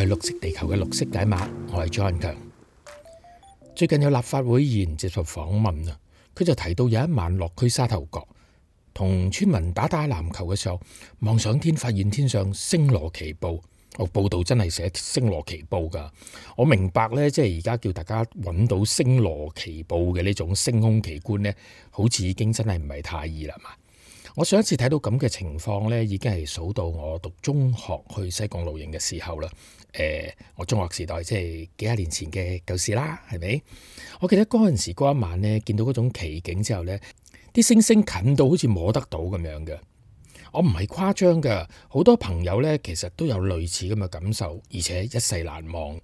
係綠惜地球嘅綠惜解碼，我係朱漢強。最近有立法會議員接受訪問啊，佢就提到有一晚落區沙頭角同村民打打籃球嘅時候望上天，發現天上星羅棋布哦，報道真係寫星羅棋布㗎。我明白呢，即係而家叫大家揾到星羅棋布嘅呢種星空奇觀呢，好似已經真係唔係太易啦嘛。我上一次睇到咁嘅情況咧，已經係數到我讀中學去西貢露營嘅時候啦。誒、呃，我中學時代即係幾廿年前嘅舊事啦，係咪？我記得嗰陣時嗰一晚咧，見到嗰種奇景之後咧，啲星星近到好似摸得到咁樣嘅。我唔係誇張嘅，好多朋友咧其實都有類似咁嘅感受，而且一世難忘。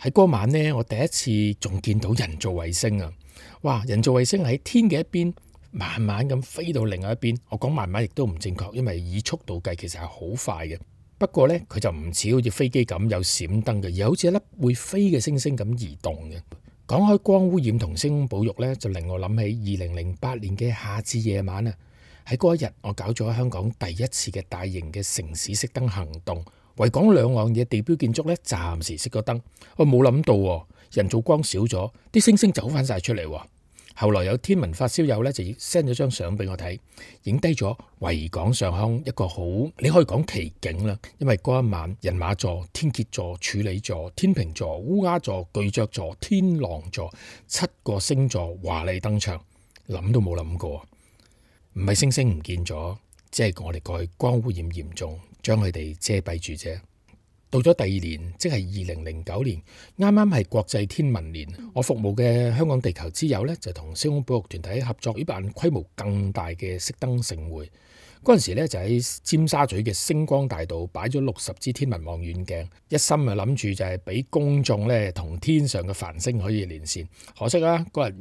喺嗰晚咧，我第一次仲見到人造衛星啊！哇，人造衛星喺天嘅一邊。慢慢咁飛到另外一邊，我講慢慢亦都唔正確，因為以速度計其實係好快嘅。不過呢，佢就唔似好似飛機咁有閃燈嘅，而好似一粒會飛嘅星星咁移動嘅。講開光污染同星空保育呢，就令我諗起二零零八年嘅夏至夜晚啊，喺嗰一日我搞咗香港第一次嘅大型嘅城市熄燈行動，維港兩岸嘅地標建築呢，暫時熄咗燈。我冇諗到、哦、人造光少咗，啲星星走返晒出嚟喎、哦。後來有天文發燒友咧，就 send 咗張相俾我睇，影低咗維港上空一個好你可以講奇景啦，因為嗰一晚人馬座、天蠍座、處女座、天秤座、烏鴉座、巨爵座、天狼座七個星座華麗登場，諗都冇諗過，唔係星星唔見咗，即係我哋過去光污染嚴重，將佢哋遮蔽住啫。到咗第二年，即係二零零九年，啱啱係國際天文年，我服務嘅香港地球之友呢，就同星空保育團體合作舉辦規模更大嘅熄燈盛會。嗰陣時呢就喺尖沙咀嘅星光大道擺咗六十支天文望遠鏡，一心啊諗住就係俾公眾呢同天上嘅繁星可以連線。可惜啊，嗰日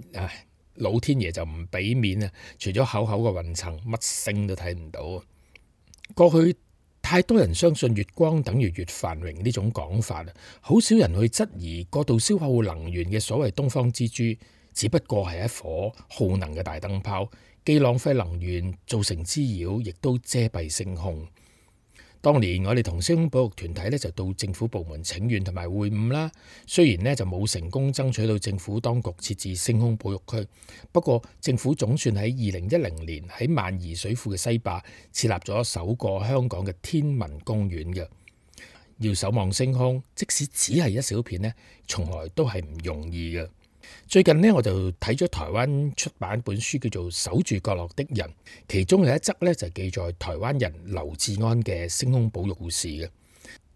老天爺就唔俾面啊，除咗厚厚嘅雲層，乜星都睇唔到啊！過去。太多人相信月光等於月繁榮呢種講法，好少人去質疑過度消耗能源嘅所謂東方之珠，只不過係一顆耗能嘅大燈泡，既浪費能源，造成滋擾，亦都遮蔽星空。當年我哋同星空保育團體咧就到政府部門請願同埋會晤啦，雖然呢，就冇成功爭取到政府當局設置星空保育區，不過政府總算喺二零一零年喺萬宜水庫嘅西壩設立咗首個香港嘅天文公園嘅。要守望星空，即使只係一小片呢，從來都係唔容易嘅。最近呢，我就睇咗台灣出版本書叫做《守住角落的人》，其中有一則咧就記載台灣人劉志安嘅星空保育故事嘅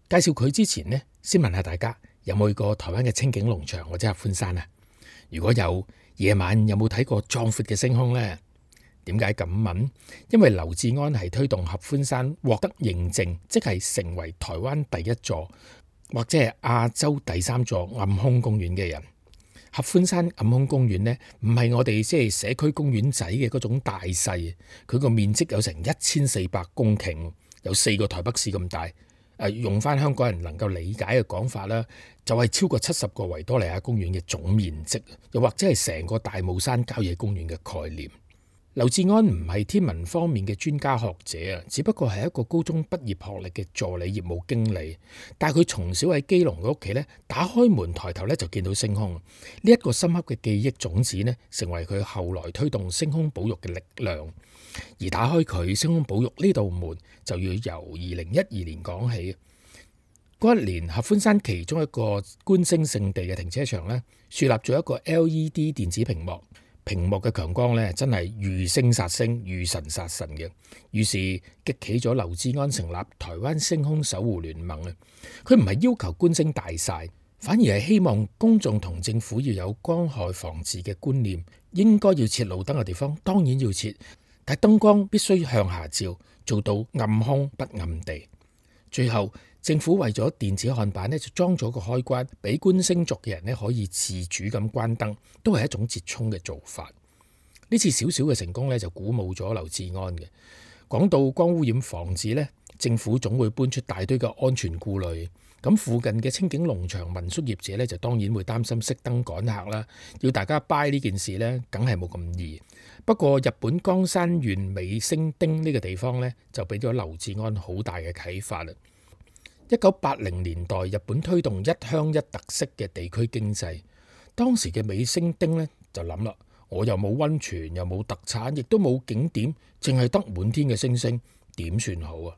介紹。佢之前呢，先問下大家有冇去過台灣嘅清境農場或者合歡山啊？如果有夜晚有冇睇過壯闊嘅星空呢？點解咁問？因為劉志安係推動合歡山獲得認證，即係成為台灣第一座或者係亞洲第三座暗空公園嘅人。合歡山暗空公園呢，唔係我哋即係社區公園仔嘅嗰種大細，佢個面積有成一千四百公頃，有四個台北市咁大。誒，用返香港人能夠理解嘅講法啦，就係、是、超過七十個維多利亞公園嘅總面積，又或者係成個大帽山郊野公園嘅概念。劉志安唔係天文方面嘅專家學者啊，只不過係一個高中畢業學歷嘅助理業務經理。但係佢從小喺基隆嘅屋企咧，打開門抬頭咧就見到星空。呢、這、一個深刻嘅記憶種子咧，成為佢後來推動星空保育嘅力量。而打開佢星空保育呢道門，就要由二零一二年講起。嗰一年，合歡山其中一個觀星勝地嘅停車場咧，樹立咗一個 L E D 電子屏幕。屏幕嘅強光咧，真係遇星殺星，遇神殺神嘅。於是激起咗劉志安成立台灣星空守護聯盟。佢唔係要求觀星大晒，反而係希望公眾同政府要有光害防治嘅觀念。應該要設路燈嘅地方，當然要設，但燈光必須向下照，做到暗空不暗地。最後，政府為咗電子看板咧，就裝咗個開關，俾觀星族嘅人咧，可以自主咁關燈，都係一種折衷嘅做法。呢次少少嘅成功呢，就鼓舞咗劉志安嘅。講到光污染防治呢，政府總會搬出大堆嘅安全顧慮。咁附近嘅清境農場民宿業者呢，就當然會擔心熄燈趕客啦。要大家 buy 呢件事呢，梗係冇咁易。不過日本江山縣美星町呢個地方呢，就俾咗劉志安好大嘅啟發啦。一九八零年代，日本推動一鄉一特色嘅地區經濟。當時嘅美星町呢，就諗啦，我又冇温泉，又冇特產，亦都冇景點，淨係得滿天嘅星星，點算好啊？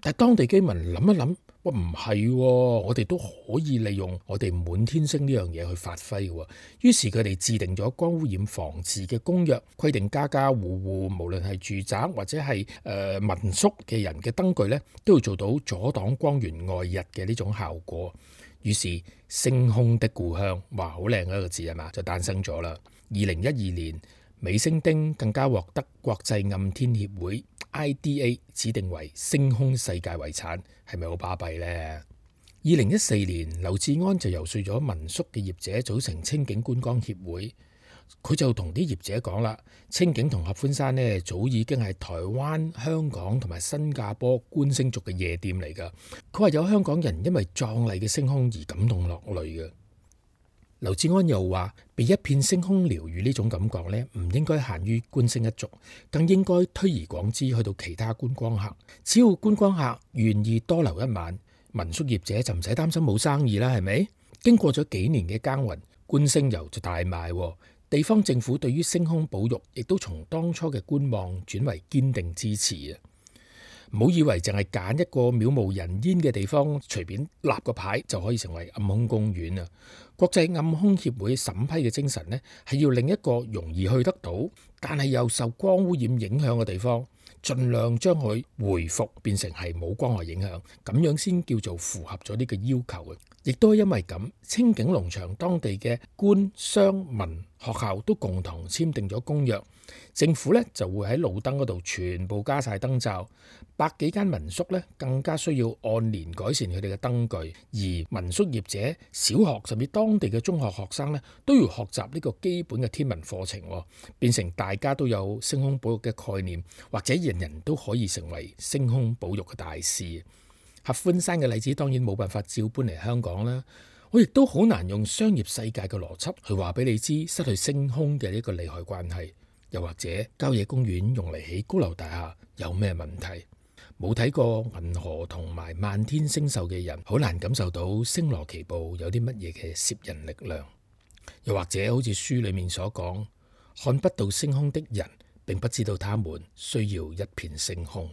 但係當地居民諗一諗。喂，唔係喎，我哋都可以利用我哋滿天星呢樣嘢去發揮喎、啊。於是佢哋制定咗光污染防治嘅公約，規定家家戶戶無論係住宅或者係誒、呃、民宿嘅人嘅燈具呢，都要做到阻擋光源外溢嘅呢種效果。於是星空的故鄉，哇，好靚嘅一個字係嘛，就誕生咗啦。二零一二年。美星町更加獲得國際暗天協會 IDA 指定為星空世界遺產，係咪好巴閉呢？二零一四年，劉志安就游説咗民宿嘅業者組成清境觀光協會，佢就同啲業者講啦：清境同合歡山呢，早已經係台灣、香港同埋新加坡觀星族嘅夜店嚟㗎。佢話有香港人因為壯麗嘅星空而感動落淚嘅。劉志安又話，被一片星空療愈呢種感覺呢，唔應該限於觀星一族，更應該推而廣之去到其他觀光客。只要觀光客願意多留一晚，民宿業者就唔使擔心冇生意啦。係咪？經過咗幾年嘅耕耘，觀星遊就大賣。地方政府對於星空保育亦都從當初嘅觀望轉為堅定支持啊！唔好以為淨係揀一個渺無人煙嘅地方，隨便立個牌就可以成為暗空公園啊！國際暗空協會審批嘅精神咧，係要令一個容易去得到，但係又受光污染影響嘅地方，盡量將佢回復變成係冇光害影響，咁樣先叫做符合咗呢個要求嘅。亦都因為咁，清境農場當地嘅官、商、民學校都共同簽訂咗公約，政府咧就會喺路燈嗰度全部加晒燈罩，百幾間民宿咧更加需要按年改善佢哋嘅燈具，而民宿業者、小學甚至當地嘅中學學生咧都要學習呢個基本嘅天文課程，變成大家都有星空保育嘅概念，或者人人都可以成為星空保育嘅大使。合歡山嘅例子當然冇辦法照搬嚟香港啦，我亦都好難用商業世界嘅邏輯去話俾你知失去星空嘅一個利害關係，又或者郊野公園用嚟起高樓大廈有咩問題？冇睇過銀河同埋漫天星宿嘅人，好難感受到星羅棋布有啲乜嘢嘅攝人力量，又或者好似書裡面所講，看不到星空的人並不知道他們需要一片星空。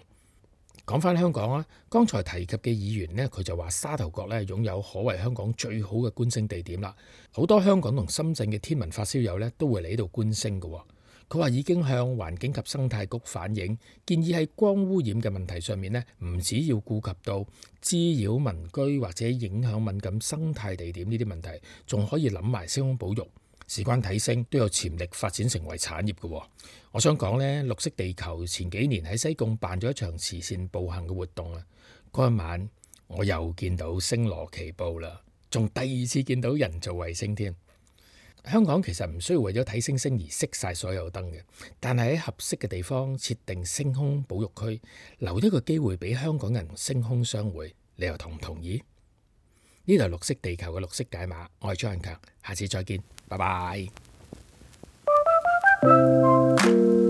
講翻香港啊，剛才提及嘅議員呢，佢就話沙頭角咧擁有可謂香港最好嘅觀星地點啦。好多香港同深圳嘅天文發燒友呢，都會嚟呢度觀星嘅。佢話已經向環境及生態局反映，建議喺光污染嘅問題上面呢，唔止要顧及到滋擾民居或者影響敏感生態地點呢啲問題，仲可以諗埋星空保育。事關睇星都有潛力發展成為產業嘅。我想講咧，綠惜地球前幾年喺西貢辦咗一場慈善步行嘅活動啊。嗰一晚我又見到星羅棋布啦，仲第二次見到人造衛星添。香港其實唔需要為咗睇星星而熄曬所有燈嘅，但係喺合適嘅地方設定星空保育區，留一個機會俾香港人星空相會。你又同唔同意呢？呢度係綠惜地球嘅綠惜解碼，我係朱漢強，下次再見。拜拜。